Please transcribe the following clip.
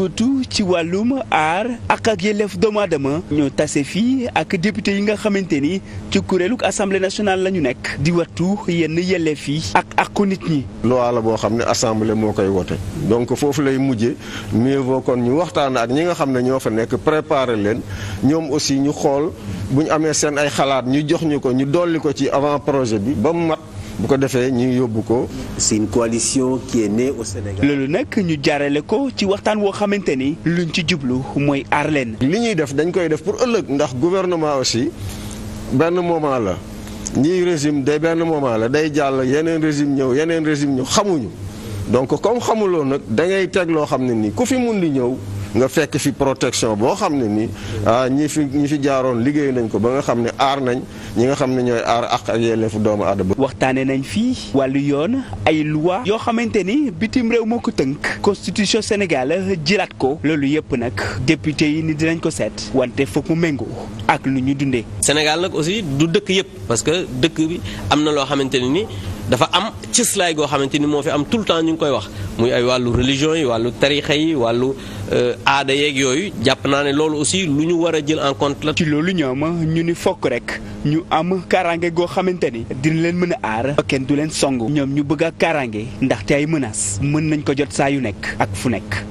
yëngatu ci wàllum aar ak ak yelleef doomu aadama ñoo tase fii ak député yi nga xamante ni ci kuréelu assemblée nationale la ñu nekk di wattu yenn yelleef yi ak ak ko nit ñi. loi la boo xam ne assemblée moo koy wote donc foofu lay mujje mieux vaut kon ñu waxtaan ak ñi nga xam ne ñoo fa nekk préparer leen ñoom aussi ñu xool bu ñu amee seen ay xalaat ñu jox ñu ko ñu dolli ko ci avant projet bi ba mu mat. bu ko defee ñu yóbbu ko. c'est une coalition qui au Sénégal. loolu nag ñu jaarale ko ci waxtaan woo xamante ni. luñ ci jublu mooy aar leen. li ñuy def dañ koy def pour ëllëg ndax gouvernement aussi benn moment la ñuy régime day benn moment la day jàll yeneen régime ñëw yeneen régime ñëw xamuñu donc comme xamuloo nag dangay ngay teg loo xam ne nii ku fi mun di ñëw. nga fekk fi protection boo xam ne nii ah, ñi fi ñi fi jaaroon liggéey nañ ko ba nga xam ne aar nañ ñi nga xam ne ñooy aar ak ak yelleefu doomu aadama. waxtaanee nañ fii wàllu yoon ay loi yoo xamante ni bitim réew moo ko tënk constitution Sénégal jëlaat ko loolu yëpp nag député yi ni dinañ ko seet wante foog mu méngoo ak lu ñu dundee. Sénégal nag aussi du dëkk yëpp parce que dëkk bi am na loo xamante ne ni dafa am cëslaay goo xamante ni moo fi am tout le temps ñu ngi koy wax. muy ay wàllu religion yi wàllu tarixa yi wàllu euh, aada yeeg yooyu jàpp naa ne loolu aussi lu ñu war a jël encontre compte la. ci loolu ñoom ñu ni fokk rek ñu am kaaraange goo xamante ni dina leen mën a aar ba kenn du leen song ñoom ñu bëgg a kaaraange ndaxte ay menaces mën nañ ko jot saa yu nekk ak fu nekk.